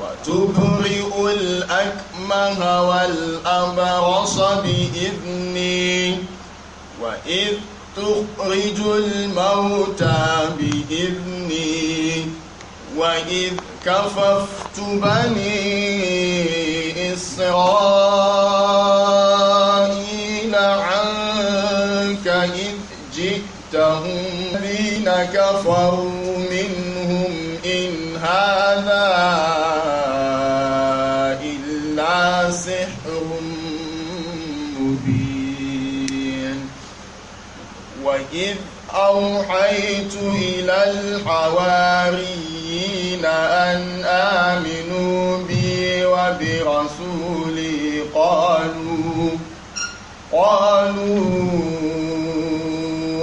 وتبرئ الأكمه والأبرص بإذني وإذ تخرج الموتى بإذني وإذ كففت بني إسرائيل عنك إذ جئتهم الذين كفروا إذ أوحيت إلى الحواريين أن آمنوا بي وبرسولي قالوا قالوا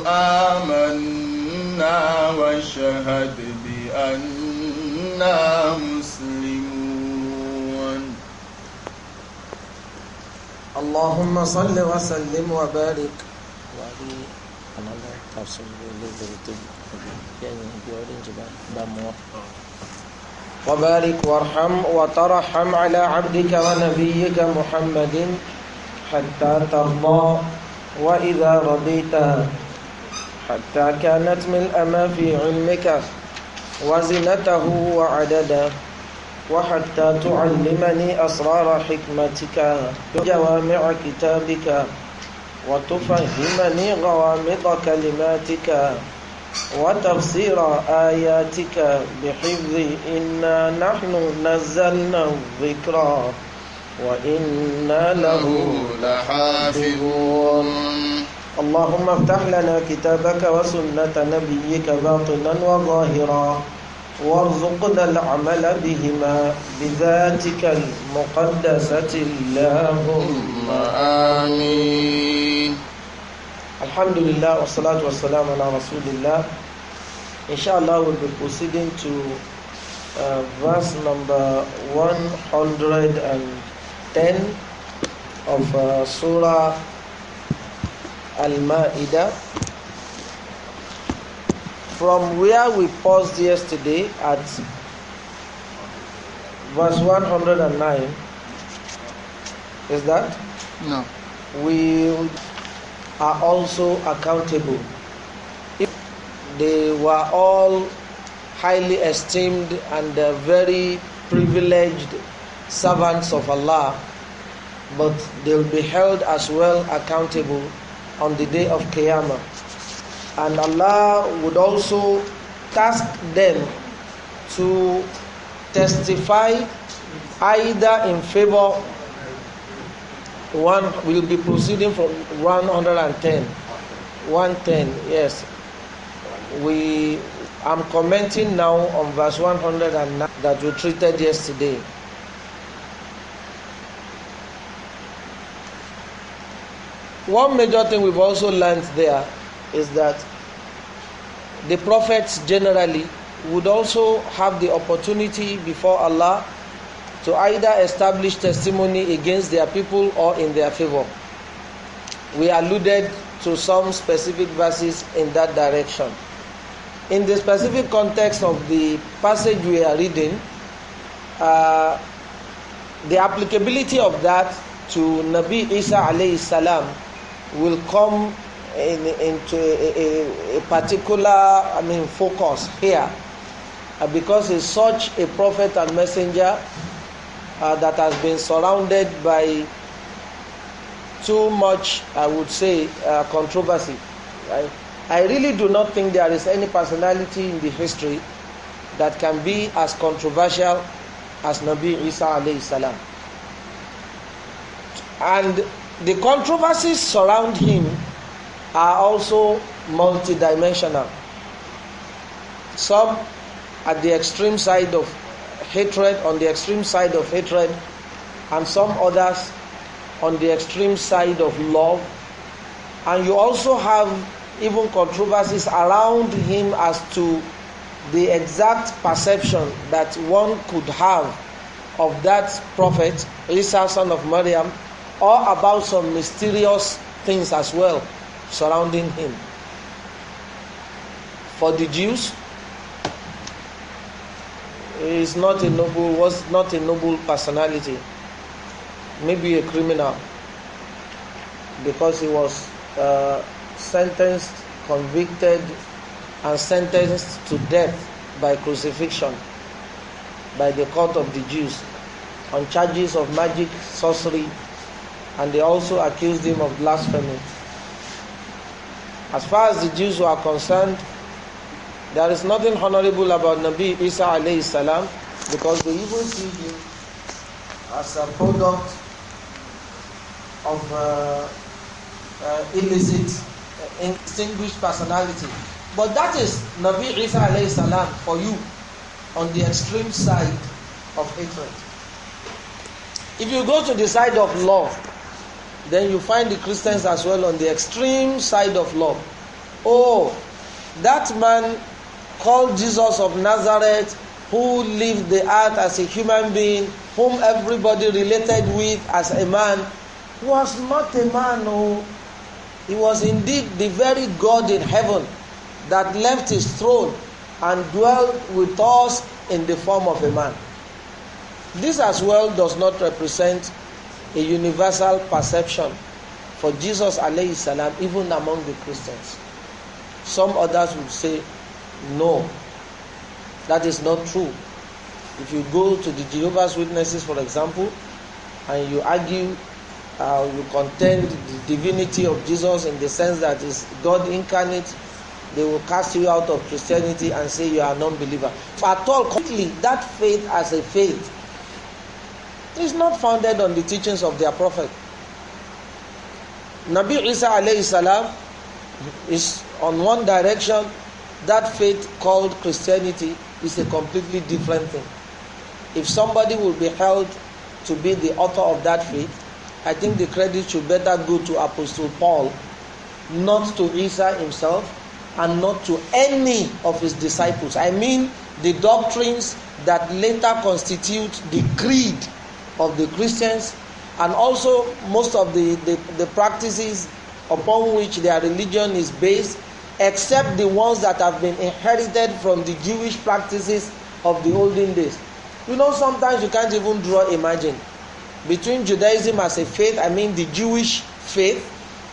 آمنا واشهد بأننا مسلمون اللهم صل وسلم وبارك وعليه another tafsir will leave everything again in the audience but more وبارك وارحم وترحم على عبدك ونبيك محمد حتى ترضى وإذا رضيت حتى كانت ملء ما في علمك وزنته وعددا وحتى تعلمني أسرار حكمتك جوامع كتابك وتفهمني غوامض كلماتك وتفسير آياتك بحفظ إنا نحن نزلنا الذكر وإنا له لحافظون اللهم افتح لنا كتابك وسنة نبيك باطنا وظاهرا وارزقنا العمل بهما بذاتك المقدسة اللهم آمين الحمد لله والصلاة والسلام على رسول الله الله we'll be proceeding to uh, verse number 110 of uh, Surah Al-Ma'idah from where we paused yesterday at verse 109 is that no we are also accountable if they were all highly esteemed and uh, very privileged servants of Allah but they'll be held as well accountable on the day of Qiyamah and Allah would also task them to testify either in favor one will be proceeding from 110 110 yes we i'm commenting now on verse 109 that we treated yesterday one major thing we've also learned there is that the prophets generally would also have the opportunity before Allah to either establish testimony against their people or in their favor. We alluded to some specific verses in that direction. In the specific context of the passage we are reading, uh, the applicability of that to Nabi Isa alayhi salam will come in, into a, a, a, particular I mean focus here uh, because he's such a prophet and messenger uh, that has been surrounded by too much I would say uh, controversy I really do not think there is any personality in the history that can be as controversial as Nabi Isa alayhi salam and the controversies surround him are also multidimensional. Some at the extreme side of hatred, on the extreme side of hatred, and some others on the extreme side of love. And you also have even controversies around him as to the exact perception that one could have of that prophet, Isa son of Maryam, or about some mysterious things as well surrounding him. For the Jews, he is not a noble, was not a noble personality, maybe a criminal, because he was uh, sentenced, convicted, and sentenced to death by crucifixion by the court of the Jews on charges of magic, sorcery, and they also accused him of blasphemy. As far as the Jews are concerned, there is nothing honorable about Nabi Isa alayhi salam because they even see him as a product of uh, uh, illicit, uh, extinguished personality. But that is Nabi Isa alayhi salam for you on the extreme side of hatred. If you go to the side of love, then you find the Christians as well on the extreme side of love. Oh, that man called Jesus of Nazareth, who lived the earth as a human being, whom everybody related with as a man, was not a man, oh. He was indeed the very God in heaven that left his throne and dwelt with us in the form of a man. This as well does not represent a universal perception for Jesus alayhi salam even among the Christians. Some others would say, no, that is not true. If you go to the Jehovah's Witnesses, for example, and you argue, uh, you contend the divinity of Jesus in the sense that is God incarnate, they will cast you out of Christianity and say you are a non-believer. at all, completely, that faith as a faith is not founded on the teachings of their prophet. Nabi Isa alayhi salam is on one direction. That faith called Christianity is a completely different thing. If somebody will be held to be the author of that faith, I think the credit should better go to Apostle Paul, not to Isa himself, and not to any of his disciples. I mean the doctrines that later constitute the creed of the Christians and also most of the, the, the practices upon which their religion is based, except the ones that have been inherited from the Jewish practices of the olden days. You know, sometimes you can't even draw imagine between Judaism as a faith, I mean the Jewish faith,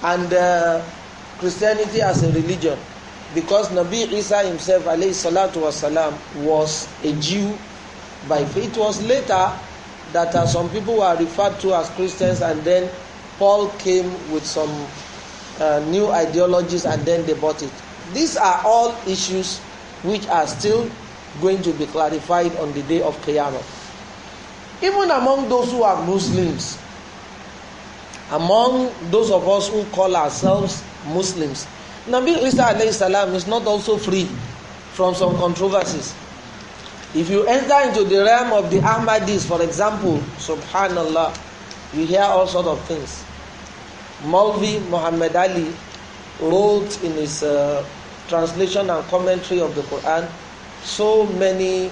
and uh, Christianity as a religion. Because Nabi Isa himself, alayhi salatu wasalam, was a Jew by faith. It was later that uh, some people were referred to as Christians and then Paul came with some uh, new ideologies and then they bought it. These are all issues which are still going to be clarified on the day of Qiyamah. Even among those who are Muslims, among those of us who call ourselves Muslims, Nabi Isa alayhi is not also free from some controversies. If you enter into the realm of the Ahmadis, for example, subhanallah, you hear all sort of things. Malvi Muhammad Ali wrote in his uh, translation and commentary of the Quran so many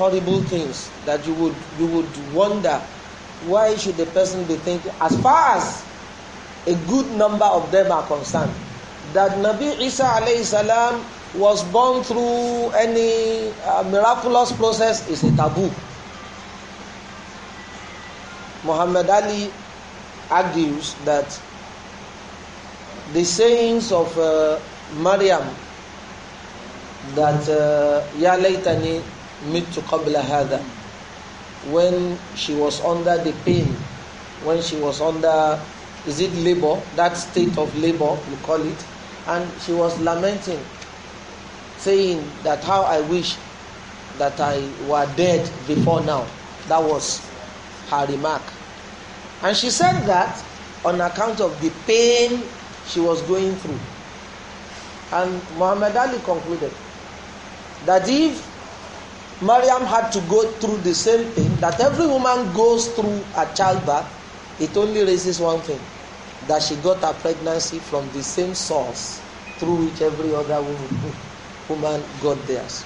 horrible things that you would you would wonder why should the person be thinking as far as a good number of them are concerned that Nabi Isa alayhi salam was born through any uh, miraculous process is a taboo. Muhammad Ali argues that the sayings of uh, Maryam that uh, Ya laytani mitu qabla hada when she was under the pain when she was under is it labor that state of labor we call it and she was lamenting saying that how I wish that I were dead before now. That was her remark. And she said that on account of the pain she was going through. And Muhammad Ali concluded that if Maryam had to go through the same thing that every woman goes through at childbirth, it only raises one thing that she got her pregnancy from the same source through which every other woman. woman got theirs.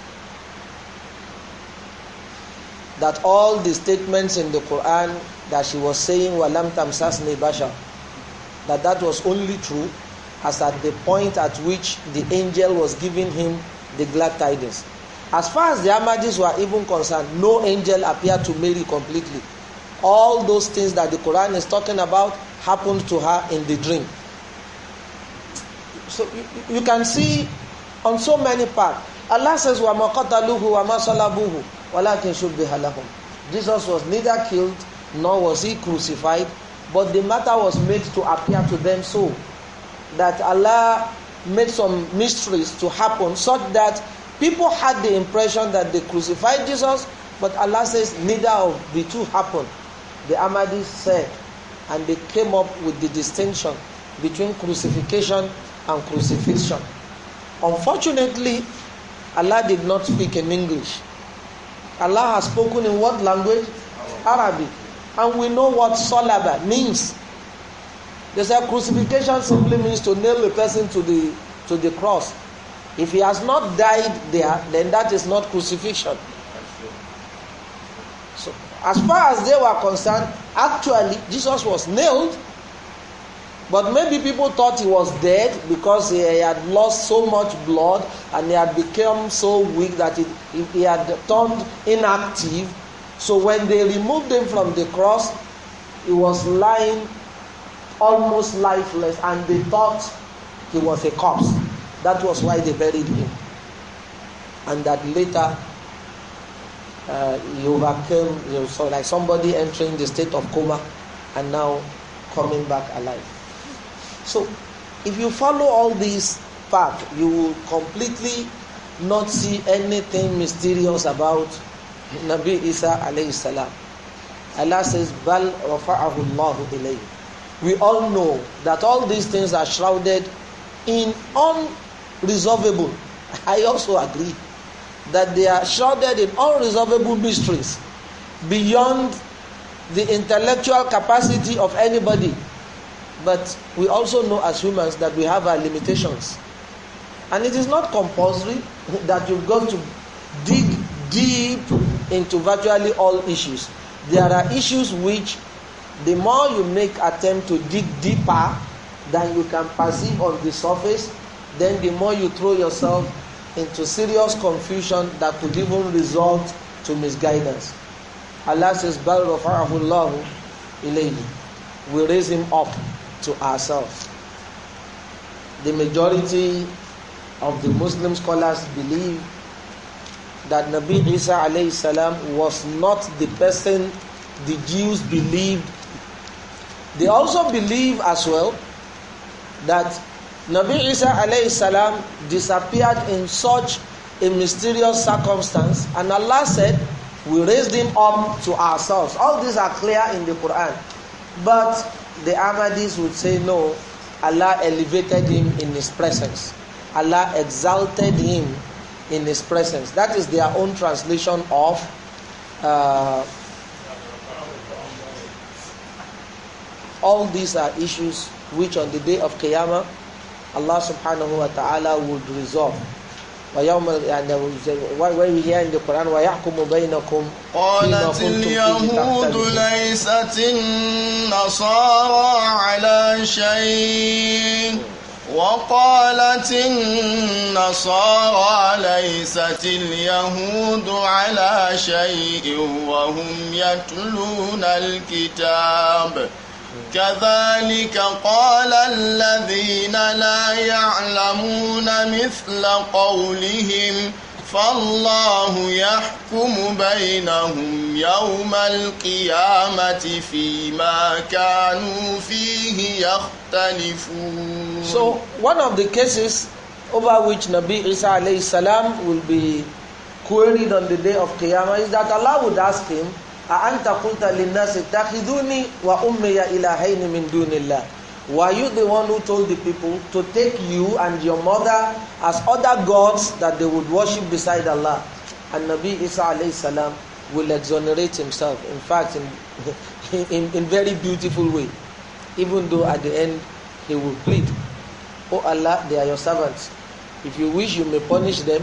That all the statements in the Quran that she was saying walam tamsasni basha," that that was only true as at the point at which the angel was giving him the glad tidings. As far as the Amadis were even concerned, no angel appeared to Mary completely. All those things that the Quran is talking about happened to her in the dream. So you, you can see on so many parts. Allah says, وَمَا قَتَلُوهُ وَمَا صَلَبُوهُ وَلَكِنْ شُبِّهَ لَهُمْ Jesus was neither killed nor was he crucified, but the matter was made to appear to them so that Allah made some mysteries to happen such that people had the impression that they crucified Jesus, but Allah says neither of the two happened. The Ahmadis said, and they came up with the distinction between crucifixion and crucifixion. Unfortunately, Allah did not speak in English. Allah has spoken in what language? Arabic. And we know what salaba means. They say crucifixion simply means to nail a person to the to the cross. If he has not died there, then that is not crucifixion. So, as far as they were concerned, actually Jesus was nailed But maybe people thought he was dead because he had lost so much blood and he had become so weak that he had turned inactive. So when they removed him from the cross, he was lying almost lifeless and they thought he was a corpse. That was why they buried him. And that later uh, he overcame, you saw so like somebody entering the state of coma and now coming back alive. So, if you follow all these paths, you will completely not see anything mysterious about Nabi Isa alayhi salam. Allah says, Bal rafa'ahu Allahu ilayhi. We all know that all these things are shrouded in unresolvable. I also agree that they are shrouded in unresolvable mysteries beyond the intellectual capacity of anybody But we also know as humans that we have our limitations. And it is not compulsory that you go to dig deep into virtually all issues. There are issues which, the more you make attempt to dig deeper than you can perceive on the surface, then the more you throw yourself into serious confusion that could even result to misguidance. Allah says, بَلْ رَفَعَهُ اللَّهُ إِلَيْهِ We raise him up to ourselves. The majority of the Muslim scholars believe that Nabi Isa alayhi salam was not the person the Jews believed. They also believe as well that Nabi Isa alayhi salam disappeared in such a mysterious circumstance and Allah said we raised him up to ourselves. All these are clear in the Quran. But the Ahmadis would say, no, Allah elevated him in His presence. Allah exalted him in His presence. That is their own translation of. Uh, all these are issues which on the day of Qiyamah, Allah subhanahu wa ta'ala would resolve. ويوم يعني وهي عند يعني القرآن ويحكم بينكم قالت اليهود ليست النصارى على شيء وقالت النصارى ليست اليهود على شيء وهم يتلون الكتاب كذلك قال الذين لا يعلمون مثل قولهم فالله يحكم بينهم يوم القيامة فيما كانوا فيه يختلفون So one of the cases over which Nabi Isa alayhi salam will be queried on the day of Qiyamah is that Allah would ask him anta qulta linnasi takhiduni wa ummiya ilahaini min dunillah were you the one who told the people to take you and your mother as other gods that they would worship beside Allah and Nabi Isa alayhi salam will exonerate himself in fact in, in in very beautiful way even though at the end he will plead oh Allah they are your servants if you wish you may punish them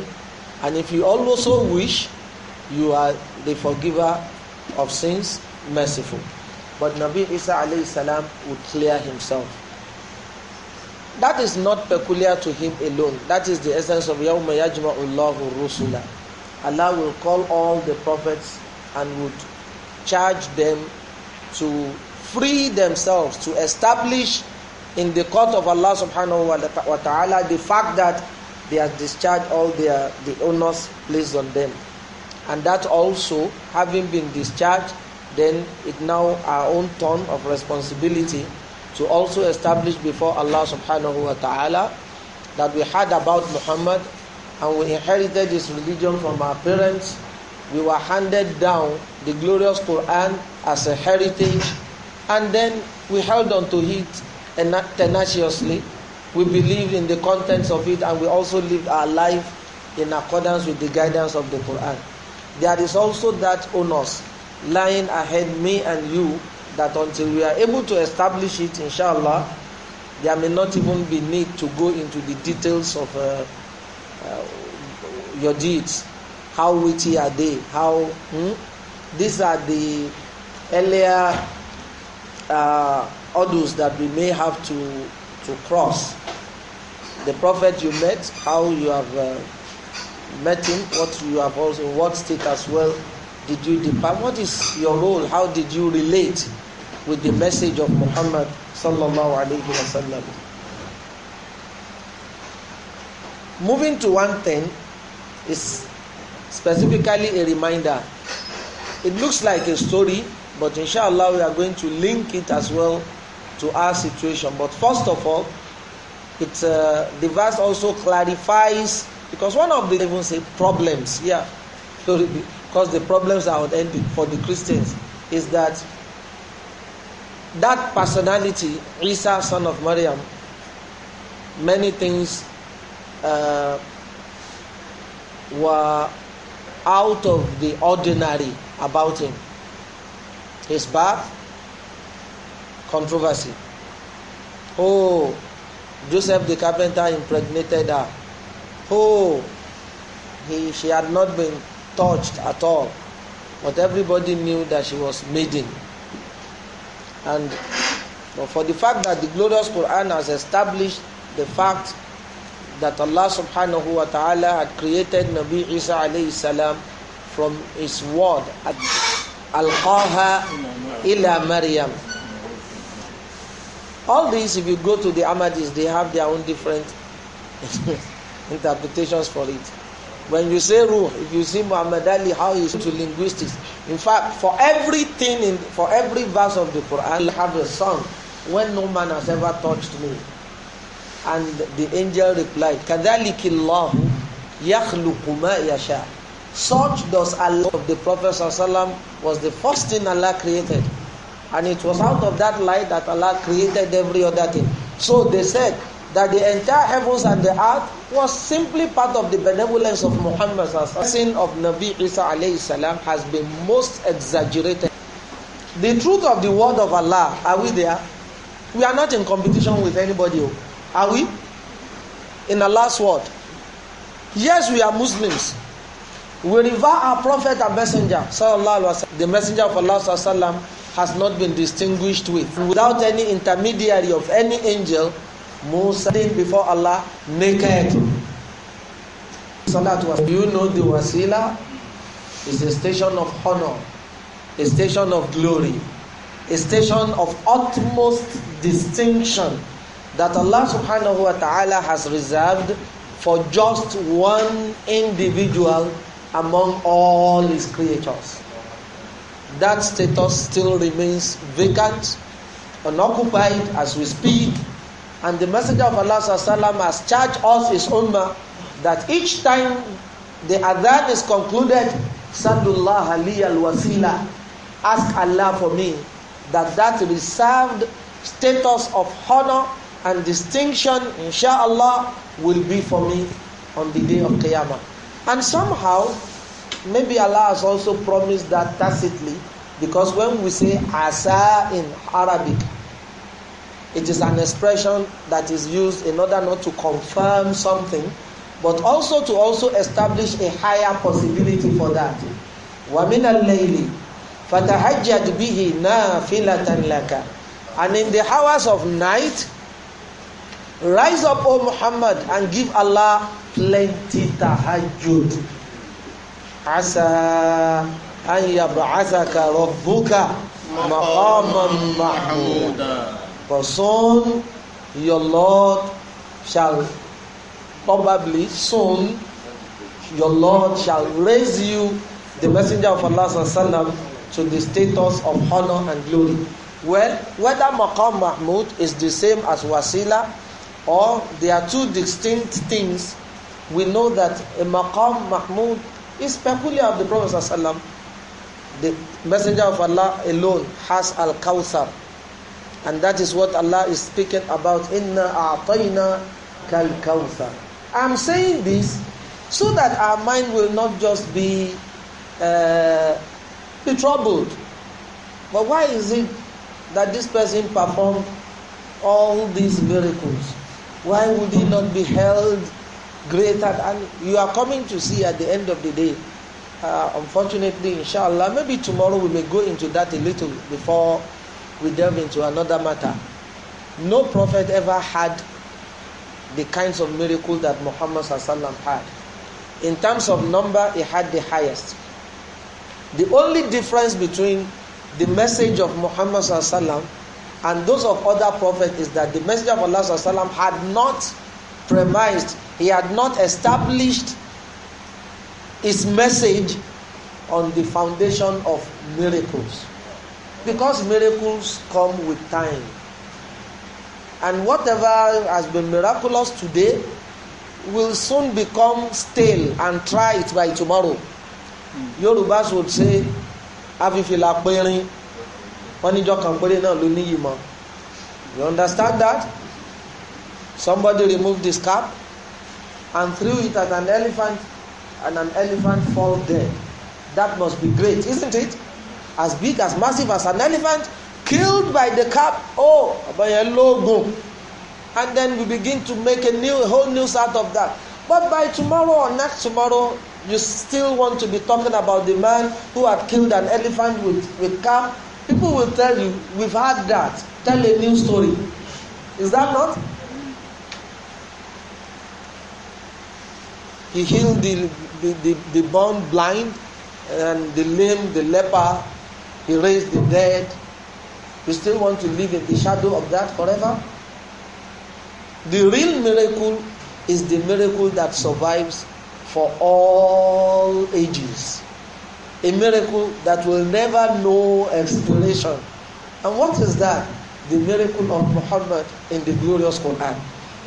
and if you also wish you are the forgiver of sins merciful. But Nabi Isa alayhi salam would clear himself. That is not peculiar to him alone. That is the essence of Yawma Yajma'ullahu Rusula. Allah will call all the prophets and would charge them to free themselves, to establish in the court of Allah subhanahu wa ta'ala the fact that they have discharged all their the onus placed on them and that also having been discharged then it now our own turn of responsibility to also establish before Allah subhanahu wa ta'ala that we heard about Muhammad and we inherited his religion from our parents we were handed down the glorious Quran as a heritage, and then we held on to it tenaciously. We believed in the contents of it, and we also lived our life in accordance with the guidance of the Quran. There is also that onus lying ahead me and you that until we are able to establish it, inshallah, there may not even be need to go into the details of uh, uh, your deeds. How witty are they? How hmm? these are the earlier uh, orders that we may have to to cross. The prophet you met, how you have uh, met him, what you have also, what state as well did you depart, what is your role, how did you relate with the message of Muhammad sallallahu alayhi wa sallam. Moving to one thing is specifically a reminder. It looks like a story, but inshallah we are going to link it as well to our situation. But first of all, it, uh, the verse also clarifies because one of the even say problems yeah because the problems are on end for the christians is that that personality isa son of maryam many things uh, were out of the ordinary about him his birth controversy oh joseph the carpenter impregnated her Oh, he, she had not been touched at all. But everybody knew that she was maiden. And but for the fact that the glorious Quran has established the fact that Allah subhanahu wa ta'ala had created Nabi Isa alayhi salam from his word at Alqaha ila Maryam. All these, if you go to the Ahmadis, they have their own different interpretations for it. When you say ruh, if you see Muhammad Ali, how he to linguistics. In fact, for everything in for every verse of the Quran, you have a song when no man has ever touched me. And the angel replied, كَذَلِكِ اللَّهُ يَخْلُقُ مَا يَشَاءُ Such does Allah of the Prophet ﷺ was the first thing Allah created. And it was out of that light that Allah created every other thing. So they said, that the entire heavens and the earth was simply part of the benevolence of Muhammad. The sin of Nabi Isa alayhi salam has been most exaggerated. The truth of the word of Allah, are we there? We are not in competition with anybody. Oh. Are we? In Allah's word. Yes, we are Muslims. We revere our prophet and messenger. The messenger of Allah sallam, has not been distinguished with. Without any intermediary of any angel, Musa did before Allah naked. Salat was you know the wasila is a station of honor, a station of glory, a station of utmost distinction that Allah subhanahu wa ta'ala has reserved for just one individual among all his creatures. That status still remains vacant, unoccupied as we speak And the Messenger of Allah sallam, has charged us, his ummah, that each time the adhan is concluded, Sallallahu Ali al wasila, ask Allah for me, that that reserved status of honor and distinction, inshallah, will be for me on the day of Qiyamah. And somehow, maybe Allah has also promised that tacitly, because when we say Asa in Arabic, It is an expression that is used in order not to confirm something, but also to also establish a higher possibility for that. وَمِنَ اللَّيْلِ فَتَهَجَّدْ بِهِ نَافِلَةً لَكَ And in the hours of night, rise up, O Muhammad, and give Allah plenty tahajjud. Asa أن يبعثك ربك مقاما محمودا for soon your Lord shall probably soon your Lord shall raise you, the messenger of Allah sallam, to the status of honor and glory. Well, whether Maqam Mahmud is the same as Wasila or they are two distinct things, we know that a Maqam Mahmud is peculiar of the Prophet sallam. The messenger of Allah alone has Al-Kawthar And that is what Allah is speaking about. Inna a'tayna kal kawthar. I'm saying this so that our mind will not just be uh, be troubled. But why is it that this person performed all these miracles? Why would he not be held greater? And you are coming to see at the end of the day. Uh, unfortunately, inshallah, maybe tomorrow we may go into that a little before we delve into another matter. No prophet ever had the kinds of miracles that Muhammad Sallallahu had. In terms of number, he had the highest. The only difference between the message of Muhammad Sallallahu and those of other prophets is that the message of Allah Sallallahu had not premised, he had not established his message on the foundation of miracles because miracles come with time and whatever has been miraculous today will soon become stale and try it by tomorrow yorùbá would say afifila péré wọn níjọ́ kan péré náà ló níyì mọ́ you understand that somebody removed the cap and threw it at an elephant and an elephant fall dead that must be great isn't it as big as massive as an elephant killed by the cap oh abayan logun and then we begin to make a new a whole news out of that but by tomorrow or next tomorrow you still want to be talking about the man who had killed an elephant with with cap people will tell you we've had that tell a new story is that not he healed the the the, the born blind and the lame the leper He raised the dead. You still want to live in the shadow of that forever? The real miracle is the miracle that survives for all ages. A miracle that will never know expiration. And what is that? The miracle of Muhammad in the glorious Quran.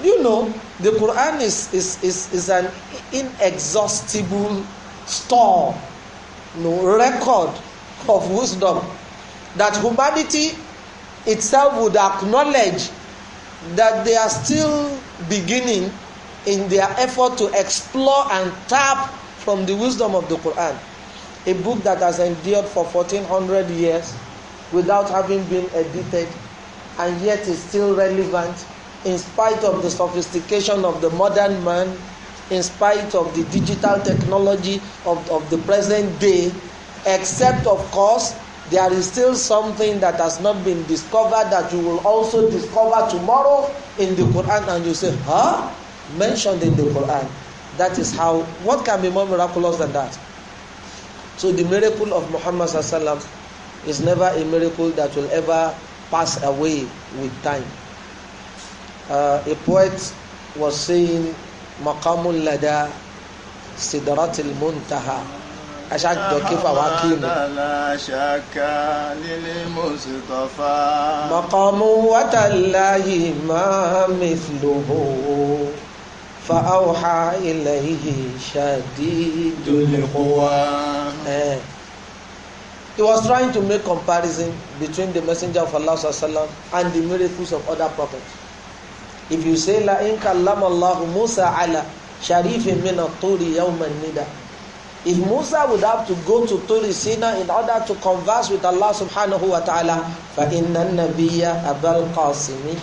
You know, the Quran is, is, is, is an inexhaustible store, you no know, record of wisdom that humanity itself would acknowledge that they are still beginning in their effort to explore and tap from the wisdom of the Quran, a book that has endured for 1400 years without having been edited and yet is still relevant in spite of the sophistication of the modern man, in spite of the digital technology of, of the present day except of course there is still something that has not been discovered that you will also discover tomorrow in the Quran and you say huh mentioned in the Quran that is how what can be more miraculous than that so the miracle of Muhammad sallam is never a miracle that will ever pass away with time uh, a poet was saying maqamul lada sidratil muntaha aṣáájọ kéfà wá kírun. maqamu watallahi ma mithluhu fa awha ilayhi shadidul quwa. Eh. He was trying to make comparison between the messenger of Allah sallam and the miracles of other prophets. If you say la in kallama Allah Musa ala sharifin min at-turi yawm nida If Musa would have to go to Turi in order to converse with Allah subhanahu wa ta'ala, فَإِنَّ النَّبِيَّ أَبَا الْقَاسِمِ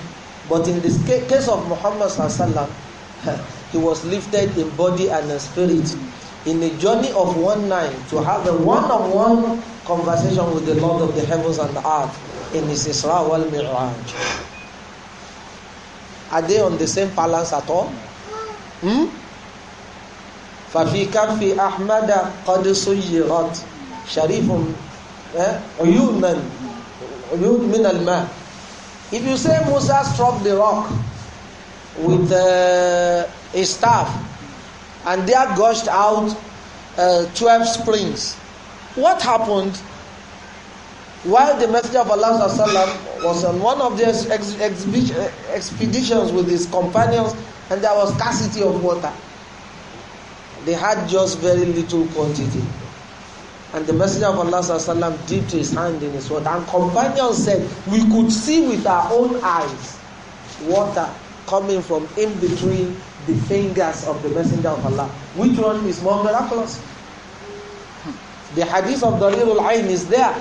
But in this case of Muhammad sallallahu he was lifted in body and in spirit in a journey of one night to have a one -on -one conversation with the Lord of the heavens and the earth in his Isra wal Miraj. Are they on the same balance at all? Hmm? fàfi káfí ahmada kọ́dísó yìí rọt sharifun ọ̀yùnmẹ̀n ọ̀yùnmẹ̀nàlmà if you say musa struck the rock with uh, a staff and there gushed out uh, springs what happened while the messenger of allah sallam, was on one of these expeditions with his companions and there was scarcity of water They had just very little quantity. And the Messenger of Allah dipped his hand in his water. And companions said, We could see with our own eyes water coming from in between the fingers of the Messenger of Allah. Which one is more miraculous? The hadith of Darir al Ain is there.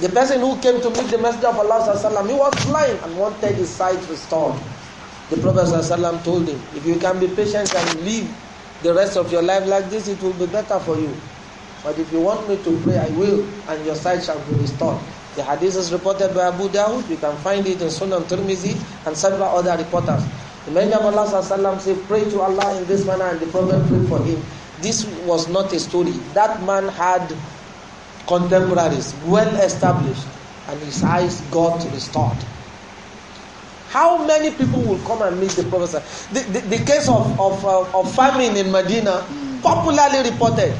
The person who came to meet the Messenger of Allah, he was blind and wanted his sight restored. The Prophet told him, If you can be patient and live the rest of your life like this, it will be better for you. But if you want me to pray, I will, and your sight shall be restored. The hadith is reported by Abu Dawud. You can find it in Sunan Tirmizi and several other reporters. The Messenger of Allah said, Pray to Allah in this manner, and the Prophet prayed for him. This was not a story. That man had contemporaries, well established, and his eyes got restored. How many people will come and meet the Prophet? The, the, the case of, of, uh, of famine in Medina, popularly reported.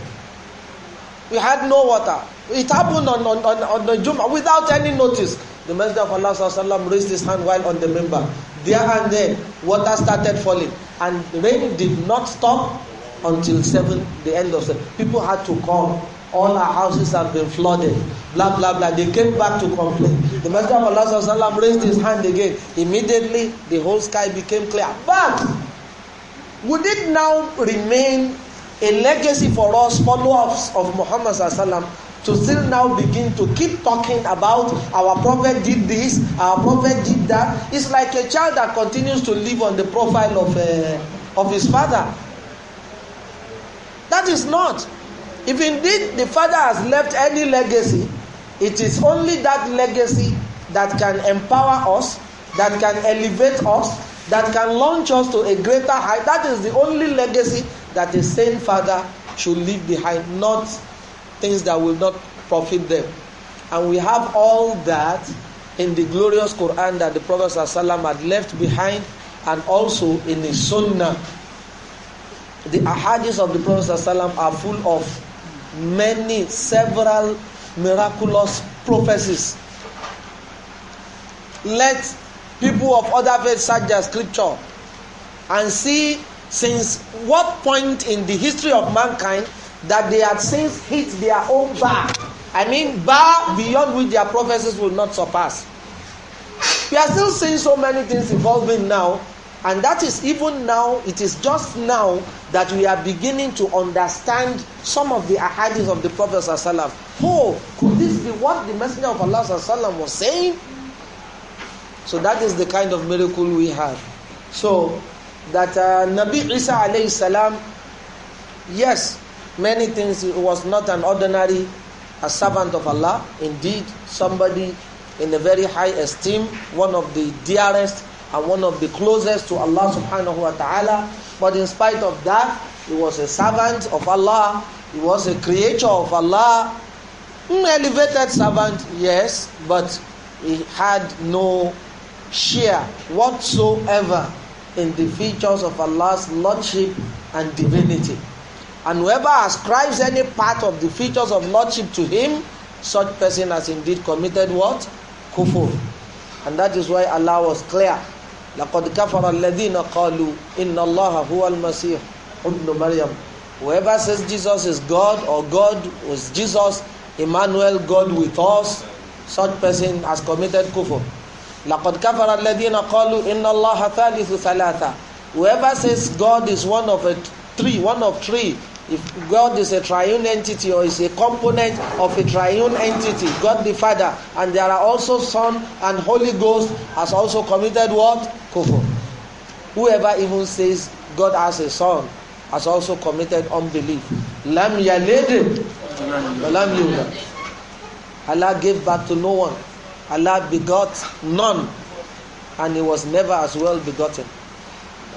We had no water. It happened on, on, on, on the Jummah without any notice. The Messenger of Allah raised his hand while on the member. There and then, water started falling. And rain did not stop until seven, the end of seven. People had to come all our houses have been flooded blah blah blah they came back to complain the messenger of allah raised his hand again immediately the whole sky became clear but would it now remain a legacy for us followers of muhammad sallam to still now begin to keep talking about our prophet did this our prophet did that it's like a child that continues to live on the profile of uh, of his father that is not If indeed the father has left any legacy, it is only that legacy that can empower us, that can elevate us, that can launch us to a greater height. That is the only legacy that a saint father should leave behind, not things that will not profit them. And we have all that in the glorious Quran that the Prophet ﷺ had left behind and also in the Sunnah. The ahadis of the Prophet ﷺ are full of many several miraculous prophecies let people of other faiths search their scripture and see since what point in the history of mankind that they had since hit their own bar i mean bar beyond which their prophecies will not surpass we are still seeing so many things evolving now and that is even now it is just now that we are beginning to understand some of the ahadith of the prophet sallam oh could this be what the messenger of allah sallam was saying so that is the kind of miracle we have so that uh, nabi isa alayhi salam yes many things He was not an ordinary a servant of allah indeed somebody in a very high esteem one of the dearest and one of the closest to Allah subhanahu wa ta'ala. But in spite of that, he was a servant of Allah, he was a creature of Allah, hmm, elevated servant, yes, but he had no share whatsoever in the features of Allah's lordship and divinity. And whoever ascribes any part of the features of lordship to him, such person has indeed committed what? Kufur. And that is why Allah was clear لقد كفر الذين قالوا inna الله هو المسيح ابن مريم whoever says jesus is god or god was jesus emmanuel god with us such person has committed kufr لقد كفر الذين قالوا inna الله thalithu thalatha whoever says god is one of a three one of three If God is a triune entity or is a component of a triune entity, God the Father, and there are also Son and Holy Ghost has also committed what? Kufr. Whoever even says God has a son has also committed unbelief. Lam yalede, lam yulad. Allah gave birth to no one. Allah begot none, and he was never as well begotten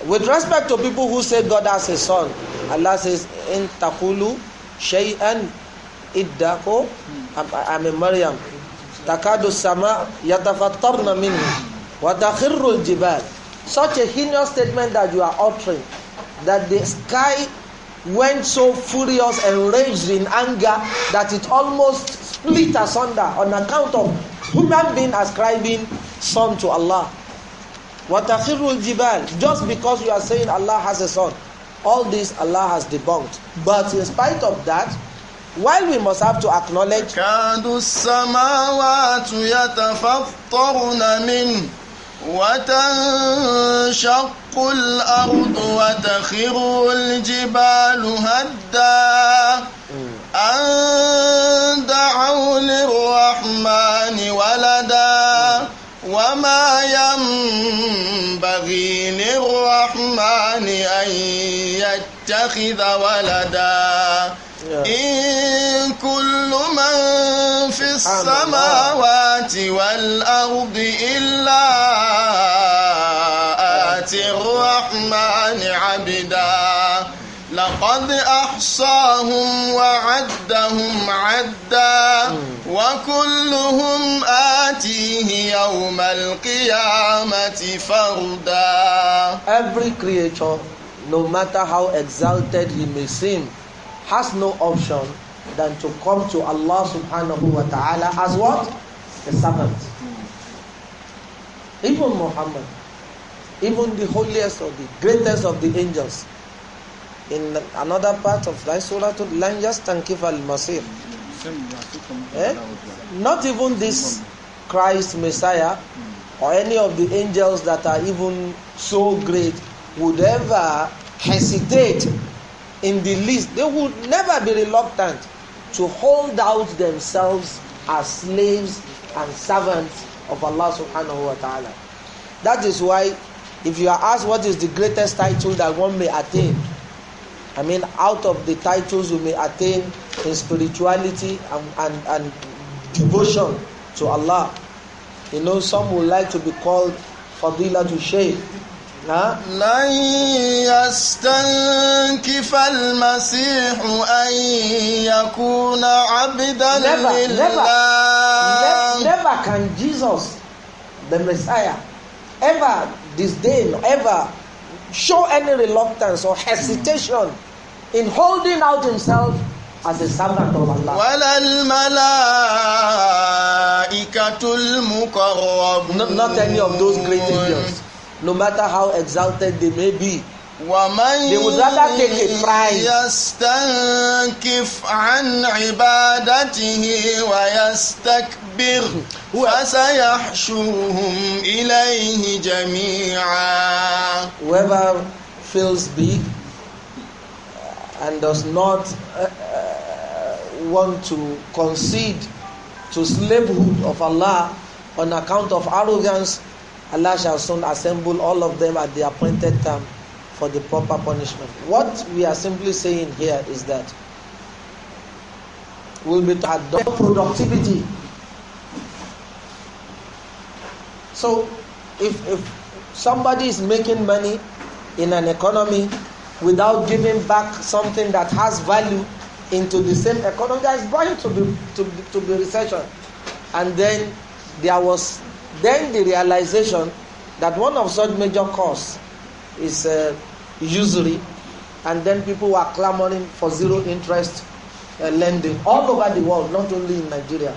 with respect to people who say God has a son Allah says in takulu shay'an iddako I'm in Maryam takadu sama yatafattarna minhu wa takhirru al-jibal such a heinous statement that you are uttering that the sky went so furious and raged in anger that it almost split asunder on account of human being ascribing son to Allah Watakhirul Jibal, just because you are saying Allah has a son, all this Allah has debunked. But in spite of that, while we must have to acknowledge. كاد السماوات يتفطرن منه وتنشق الأرض وتخر الجبال هدا أن دعوا للرحمن ولدا وما ينبغي للرحمن أن يتخذ ولدا إن كل من في السماوات والأرض إلا آتي الرحمن عبداً لقد أحصاهم وعدهم عدا وكلهم آتيه يوم القيامة فردا Every creature, no matter how exalted he may seem, has no option than to come to Allah subhanahu wa ta'ala as what? A servant. Even Muhammad, even the holiest of the greatest of the angels, in another part of like surah to lan yastankifa al-masir eh? not even this christ messiah or any of the angels that are even so great would ever hesitate in the least they would never be reluctant to hold out themselves as slaves and servants of allah subhanahu wa ta'ala that is why if you are asked what is the greatest title that one may attain I mean, out of the titles we may attain in spirituality and, and, and devotion to Allah. You know, some would like to be called Fadila to Shaykh. لن يستنكف المسيح أن يكون عبدا never, لله never, never can Jesus the Messiah ever disdain ever show any reluctance or hesitation in holding out himself as a servant of Allah. Walal malaikatul mukarrabun. Not, not any of those great angels, no matter how exalted they may be. ومن they would rather take a prize. وسيحشرهم إليه جميعا Whoever feels big and does not uh, uh, want to concede to slavehood of Allah on account of arrogance, Allah shall soon assemble all of them at the appointed time for the proper punishment. What we are simply saying here is that we'll be to adopt productivity So if, if somebody is making money in an economy without giving back something that has value into the same economy, that is bound to be, to, to be recession. And then there was then the realization that one of such major costs is uh, usury, and then people were clamoring for zero interest uh, lending all over the world, not only in Nigeria.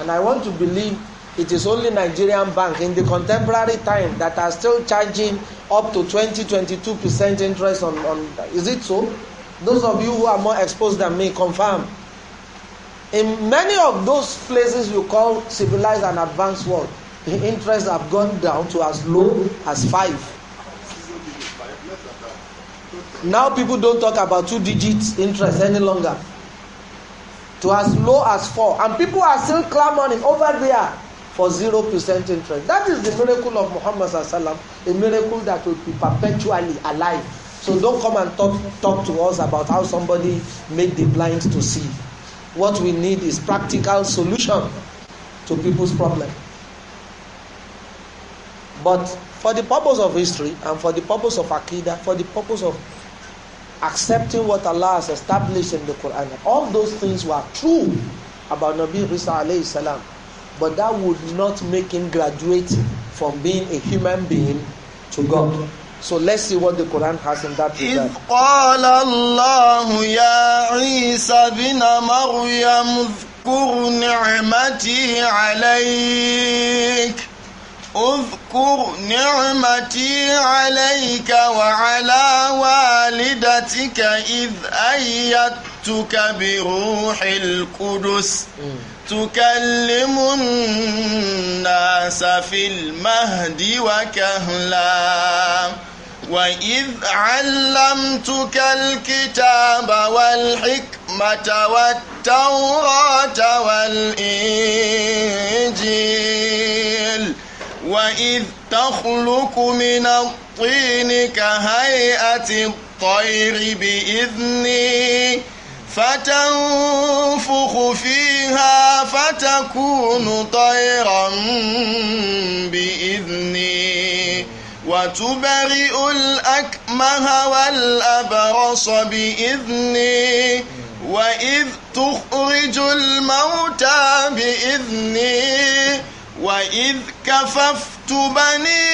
And I want to believe it is only Nigerian bank in the contemporary time that are still charging up to 20 22 percent interest on, on is it so those of you who are more exposed than me confirm in many of those places you call civilized and advanced world the interest have gone down to as low as five now people don't talk about two digits interest any longer to as low as four and people are still clamoring over there for 0% interest. That is the miracle of Muhammad a miracle that will be perpetually alive. So don't come and talk, talk to us about how somebody made the blind to see. What we need is practical solution to people's problem. But for the purpose of history and for the purpose of akida, for the purpose of accepting what Allah has established in the Quran, all those things were true about Nabi Isa alayhi salam. but that would not make him graduate from being a human being to God. So let's see what the Quran has in that regard. إِذْ قال الله يا عيسى بن مريم اذكر نعمتي عليك اذكر نعمتي عليك وعلى والدتك إذ أيدتك بروح القدس mm. تكلم الناس في المهد وكهلا وإذ علمتك الكتاب والحكمة والتوراة والإنجيل وإذ تخلق من الطين كهيئة الطير بإذني فتنفخ فيها فتكون طيرا بإذني وتبرئ الأكمه والأبرص بإذني وإذ تخرج الموتى بإذني وإذ كففت بني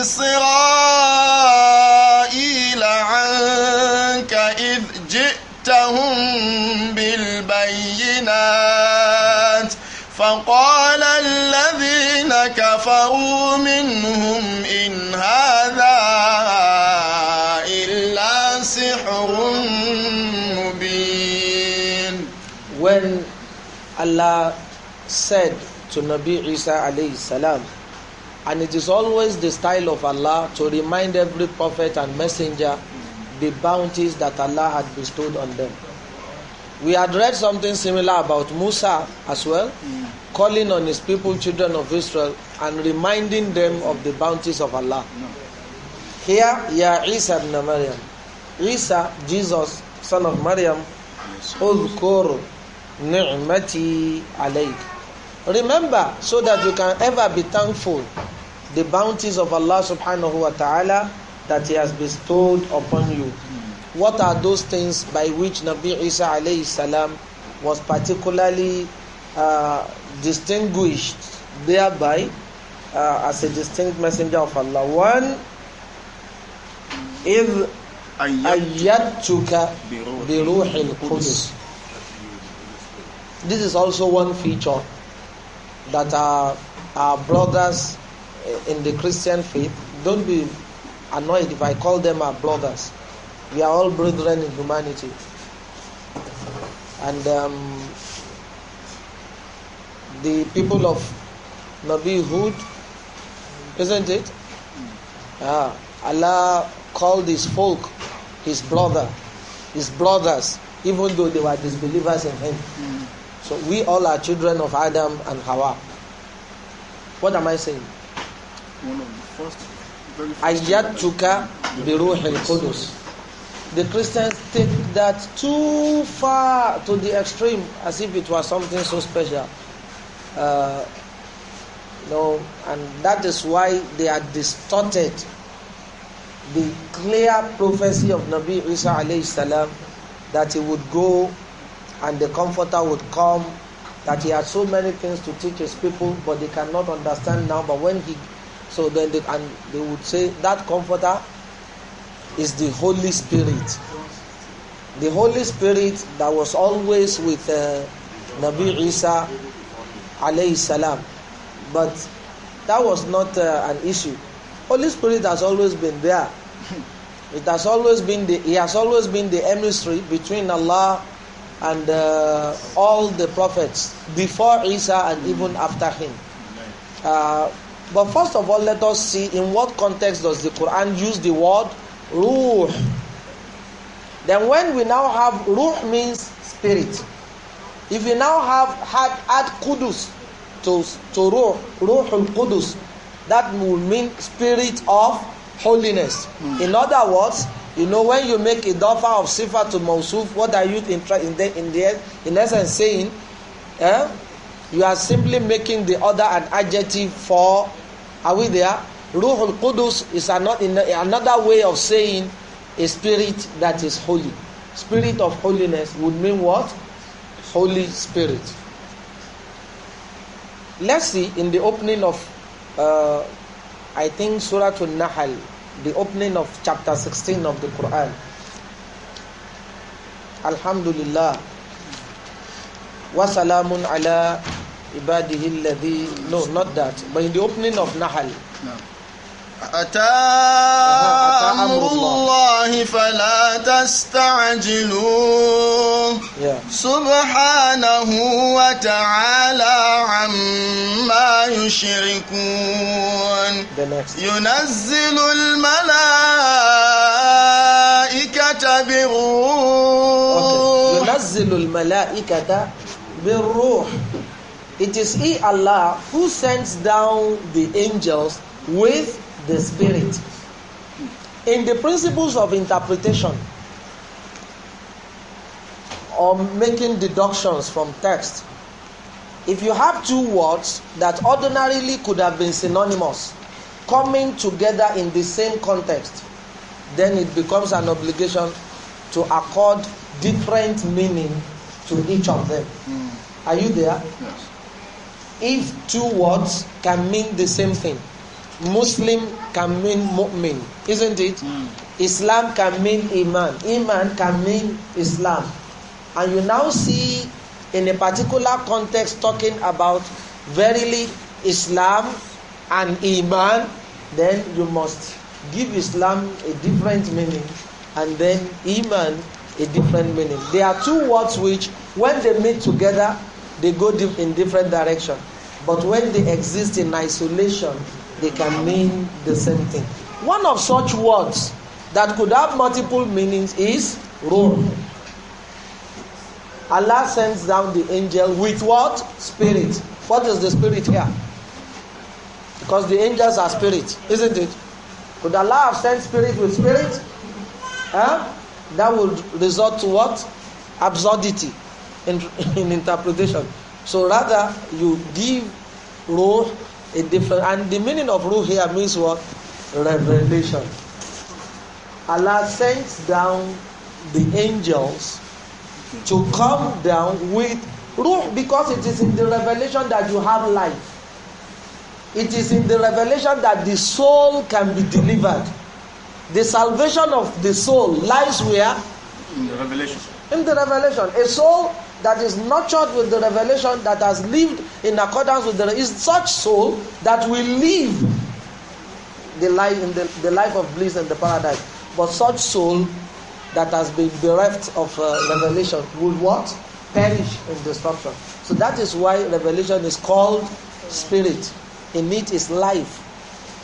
إسرائيل عنك إذ جئتهم بالبينات فقال الذين كفروا منهم إن هذا إلا سحر مبين When Allah said to Nabi Isa alayhi salam and it is always the style of Allah to remind every prophet and messenger the bounties that Allah had bestowed on them. We had read something similar about Musa as well, mm. calling on his people, children of Israel, and reminding them of the bounties of Allah. No. Here, Ya Isa ibn Maryam. Isa, Jesus, son of Maryam, Udhkur ni'mati alayk. Remember, so that you can ever be thankful, the bounties of Allah subhanahu wa ta'ala that he has bestowed upon you. What are those things by which Nabi Isa alayhi salam was particularly uh, distinguished thereby uh, as a distinct messenger of Allah? One, إذ أيدتك بروح القدس This is also one feature that our, our brothers in the Christian faith don't be annoyed if I call them our brothers. We are all brethren in humanity. And um, the people of Nabi Hud, isn't it? Ah, Allah called his folk his brother, his brothers, even though they were disbelievers in him. Hmm. So we all are children of Adam and Hawa. What am I saying? One of the first Ayyatuka biruhil Qudus. The Christians take that too far to the extreme as if it was something so special. Uh, no, and that is why they are distorted the clear prophecy of Nabi Isa alayhi salam that he would go and the comforter would come that he had so many things to teach his people but they cannot understand now but when he so then they, and they would say that comforter is the Holy Spirit. The Holy Spirit that was always with uh, Nabi Isa alayhi salam. But that was not uh, an issue. Holy Spirit has always been there. It has always been the he has always been the emissary between Allah and uh, all the prophets before Isa and even after him. Uh, But first of all, let us see in what context does the Quran use the word ruh. Then when we now have ruh means spirit. If we now have had add kudus to, to ruh, ruhul kudus, that will mean spirit of holiness. Mm. In other words, you know when you make a dafa of sifa to mausuf, what are you in, in, the, in, the, in essence saying? Eh? You are simply making the other an adjective for Are we there? Ruhul Qudus is another way of saying a spirit that is holy. Spirit of holiness would mean what? Holy Spirit. Let's see in the opening of, uh, I think, Surah Al Nahl, the opening of chapter 16 of the Quran. Alhamdulillah. Wa salamun ala عباده الذي no not that but in the opening of Nahal no. نعم. أتى أمر الله فلا تستعجلوه سبحانه وتعالى عما يشركون ينزل الملائكة بالروح ينزل الملائكة بالروح It is He, Allah, who sends down the angels with the Spirit. In the principles of interpretation or making deductions from text, if you have two words that ordinarily could have been synonymous coming together in the same context, then it becomes an obligation to accord different meaning to each of them. Mm. Are you there? Yes. if two words can mean the same thing. Muslim can mean mu'min, isn't it? Mm. Islam can mean Iman. Iman can mean Islam. And you now see in a particular context talking about verily Islam and Iman, then you must give Islam a different meaning and then Iman a different meaning. There are two words which, when they meet together, they go deep in different direction but when they exist in isolation they can mean the same thing one of such words that could have multiple meanings is "rule." Allah sends down the angel with what spirit what is the spirit here because the angels are spirit isn't it could Allah have sent spirit with spirit huh? that would result to what absurdity in, in interpretation. So rather you give ruh a different and the meaning of ruh here means what? Revelation. Allah sends down the angels to come down with ruh because it is in the revelation that you have life. It is in the revelation that the soul can be delivered. The salvation of the soul lies where? In the revelation. In the revelation. A soul that is nurtured with the revelation that has lived in accordance with the is such soul that will live the life in the, the life of bliss and the paradise. But such soul that has been bereft of uh, revelation will what? Perish in destruction. So that is why revelation is called spirit. In it is life.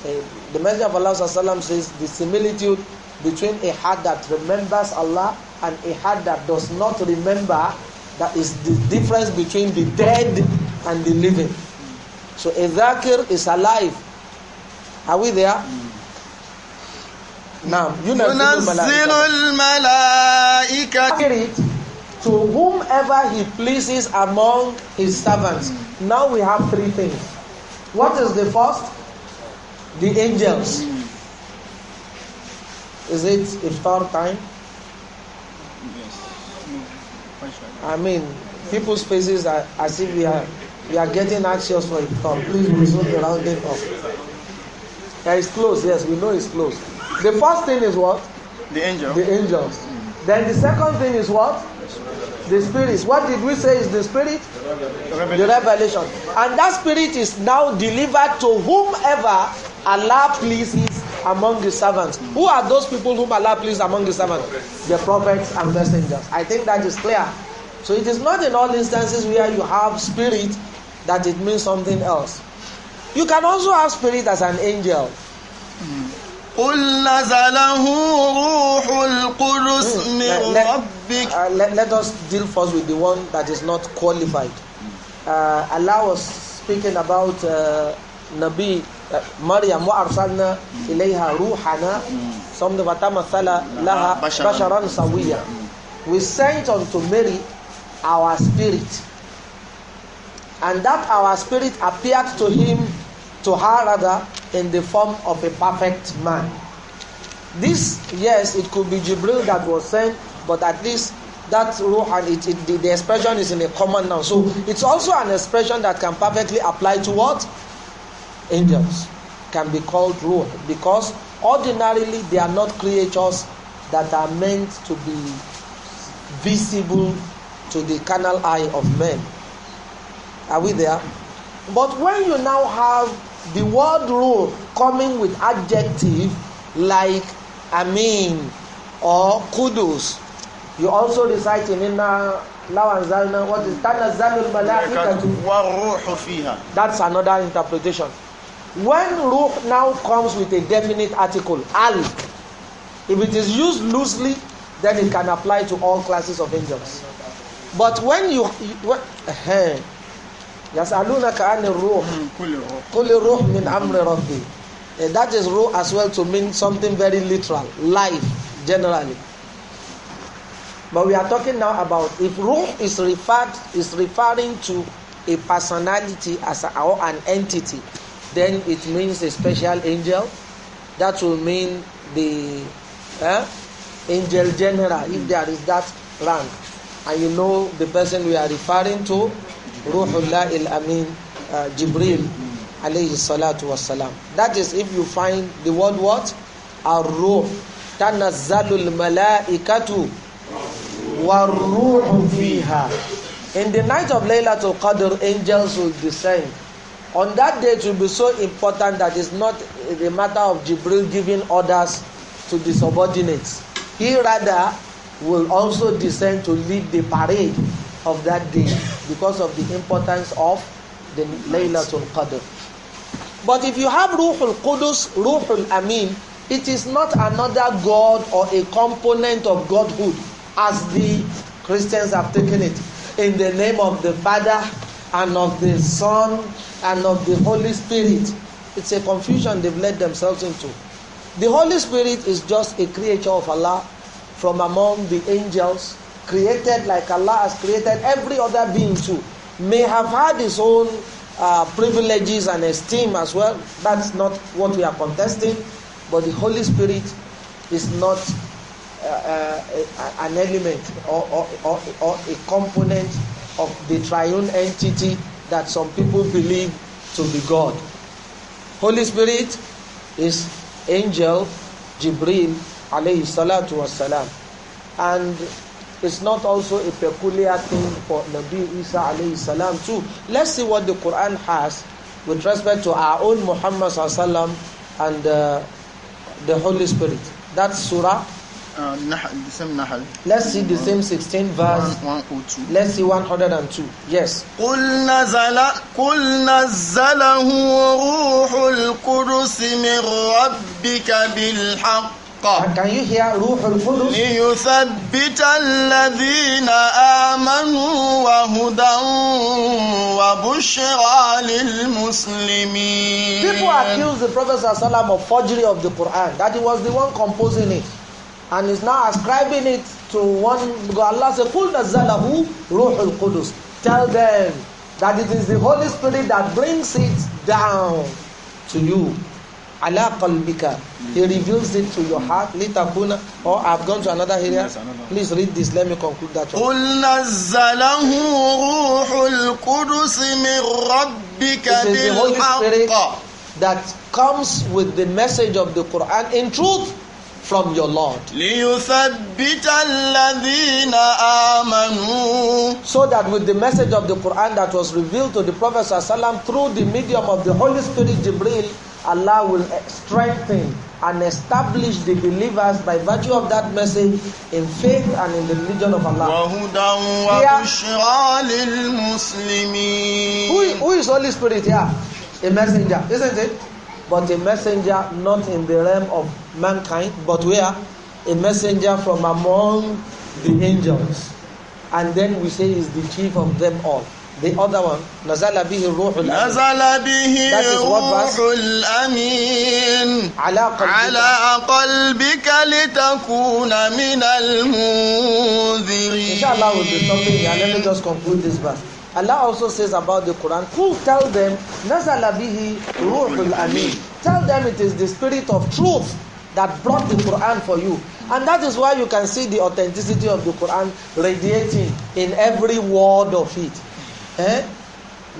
Uh, the Messenger of Allah says the similitude between a heart that remembers Allah and a heart that does not remember that is the difference between the dead and the living. So a dhakir is alive. Are we there? Now, you know to whomever he pleases among his servants. Now we have three things. What is the first? The angels. Is it far time? Yes. I mean, people's faces are as if we are we are getting anxious for it. Come, please resume the rounding off. Yeah, it's closed. Yes, we know it's closed. The first thing is what? The angel. The angels. Then the second thing is what? The spirit. What did we say is the spirit? The revelation. And that spirit is now delivered to whomever Allah pleases among his servants. Who are those people whom Allah pleased among his servants? The prophets and messengers. I think that is clear. So it is not in all instances where you have spirit that it means something else. You can also have spirit as an angel. قل نزله روح القدس hmm. من ربك uh, let, let us deal first with the one that is not qualified. Uh, Allah was speaking about uh, Nabi Maryam wa arsalna ilayha ruhana something fatamathala laha basharan We sent unto Mary our spirit and that our spirit appeared to him to her rather in the form of a perfect man. This yes it could be Jibril that was sent but at least that rule and it, it the, the expression is in a common noun so it's also an expression that can perfectly apply to what angels can be called ruh because ordinarily they are not creatures that are meant to be visible to the carnal eye of men. Are we there? But when you now have the word rule coming with adjective like Amin or Kudos, you also recite in Inna Lawanzalna, what is Tanazalul Malaikatu? That's another interpretation when ruh now comes with a definite article al if it is used loosely then it can apply to all classes of angels but when you, you when, uh, yasalunaka ani ruh kuli ruh min amri rabbi eh, that is ruh as well to mean something very literal life generally but we are talking now about if ruh is referred is referring to a personality as a, or an entity then it means a special angel. That will mean the eh, angel general, if there is that rank. And you know the person we are referring to, Ruhullah il Amin uh, Jibril, alayhi salatu wasalam. That is if you find the word what? Ar-Ruh. Tanazzalul malaikatu wa-ruhu fiha. In the night of Laylatul Qadr, angels will descend on that day it will be so important that it's not a matter of Jibril giving orders to the subordinates he rather will also descend to lead the parade of that day because of the importance of the Laylatul Qadr but if you have Ruhul Qudus Ruhul Amin it is not another god or a component of godhood as the Christians have taken it in the name of the Father and of the Son and of the Holy Spirit. It's a confusion they've led themselves into. The Holy Spirit is just a creature of Allah from among the angels, created like Allah has created every other being too. May have had his own uh, privileges and esteem as well. That's not what we are contesting. But the Holy Spirit is not uh, uh, an element or, or, or, or a component of the triune entity that some people believe to be God. Holy Spirit is angel Jibril alayhi salatu wasalam. And it's not also a peculiar thing for Nabi Isa alayhi salam too. Let's see what the Quran has with respect to our own Muhammad sallam and uh, the Holy Spirit. That's Surah Um, the same Nahal. Let's see the same 16 verse. 102. Let's see 102. Yes. قل نزله روح القدس من ربك بالحق Can you hear روح القدس ليثبت الذين آمنوا وهدى وبشرى للمسلمين People accuse the Prophet of forgery of the Quran that he was the one composing it and is now ascribing it to one because Allah said, Kul nazalahu ruhul qudus. Tell them that it is the Holy Spirit that brings it down to you. Ala qalbika. He reveals it to your heart. Litakuna. Oh, I've gone to another area. Please read this. Let me conclude that one. قل نزله روح القدس من ربك بالحق. That comes with the message of the Quran in truth. from your Lord. So that with the message of the Quran that was revealed to the Prophet ﷺ through the medium of the Holy Spirit Jibril, Allah will strengthen and establish the believers by virtue of that message in faith and in the religion of Allah. Here, who, who is Holy Spirit here? A messenger, isn't it? but a messenger not in the realm of mankind, but where? A messenger from among the angels. And then we say is the chief of them all. The other one, نزل به Amin. الأمين. نزل به الروح الأمين على قلبك, على قلبك لتكون من المنذرين. Inshallah, we'll be stopping here. Let me just conclude this verse. Allah also says about the Quran, Who tell them, Nazala bihi ruhul amin. Tell them it is the spirit of truth that brought the Quran for you. And that is why you can see the authenticity of the Quran radiating in every word of it. Eh?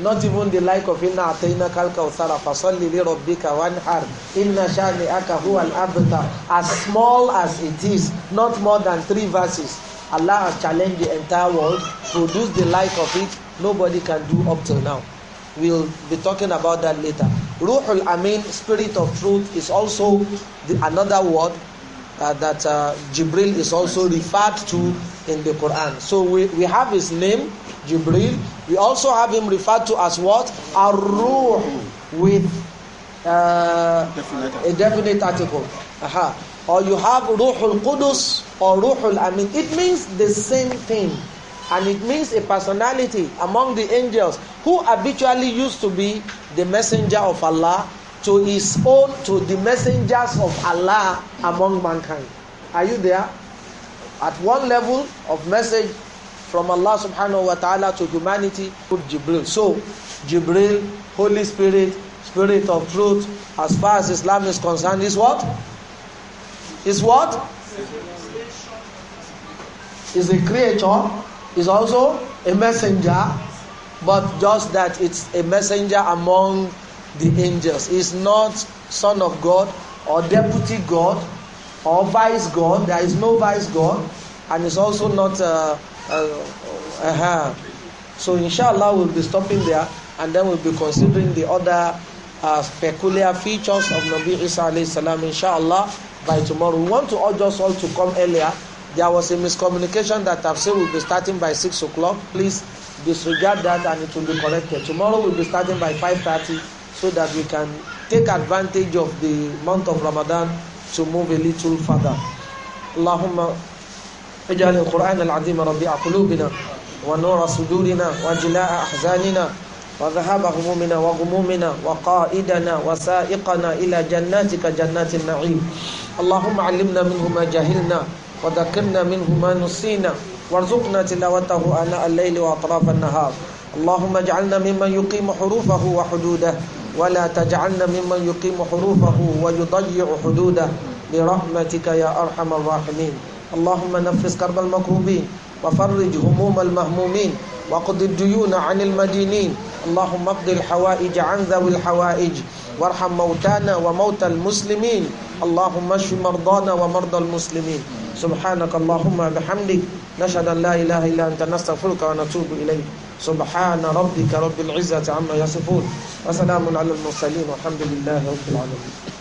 Not even the like of Inna Atayna Kalkauthara Fasalli li Rabbika Wanhar Inna Shani'aka Al Abtar. As small as it is, not more than three verses. Allah has challenged the entire world, produce the like of it, nobody can do up till now. We'll be talking about that later. Ruhul Amin, Spirit of Truth, is also the, another word uh, that uh, Jibril is also referred to in the Quran. So we, we have his name, Jibril. We also have him referred to as what? Ar Ruh, with uh, a definite article. Or you have Ruhul Qudus or Ruhul Amin. It means the same thing. and it means a personality among the angels who habitually used to be the messenger of Allah to his own to the messengers of Allah among mankind. Are you there? At one level of message from Allah subhanahu wa ta'ala to humanity with Jibril. So Jibril, Holy Spirit, Spirit of truth, as far as Islam is concerned, is what? Is what? Is a creator is also a messenger, but just that it's a messenger among the angels. He's not son of God or deputy God or vice God. There is no vice God, and it's also not. Uh, uh, uh-huh. So, inshallah, we'll be stopping there and then we'll be considering the other uh, peculiar features of Nabi Isa, alayhi salam, inshallah, by tomorrow. We want to urge us all to come earlier There was a miscommunication that said will be starting by six o'clock. Please disregard that and it will be corrected. Tomorrow we'll be starting by five thirty, so that we can take advantage of the month of Ramadan to move a little further. اللهم اجعل القرآن العظيم ربيع قلوبنا ونور صدورنا وجلاء أحزاننا وذهاب همومنا وغمومنا وقائدنا وسائقنا إلى جناتك جنات النعيم اللهم علمنا منه ما جهلنا وذكرنا منه ما نسينا وارزقنا تلاوته آناء الليل وأطراف النهار اللهم اجعلنا ممن يقيم حروفه وحدوده ولا تجعلنا ممن يقيم حروفه ويضيع حدوده برحمتك يا أرحم الراحمين اللهم نفس كرب المكروبين وفرج هموم المهمومين وقض الديون عن المدينين اللهم اقض الحوائج عن ذوي الحوائج وارحم موتانا وموتى المسلمين اللهم اشف مرضانا ومرضى المسلمين سبحانك اللهم بحمدك نشهد أن لا إله إلا أنت نستغفرك ونتوب إليك سبحان ربك رب العزة عما يصفون وسلام على المرسلين والحمد لله رب العالمين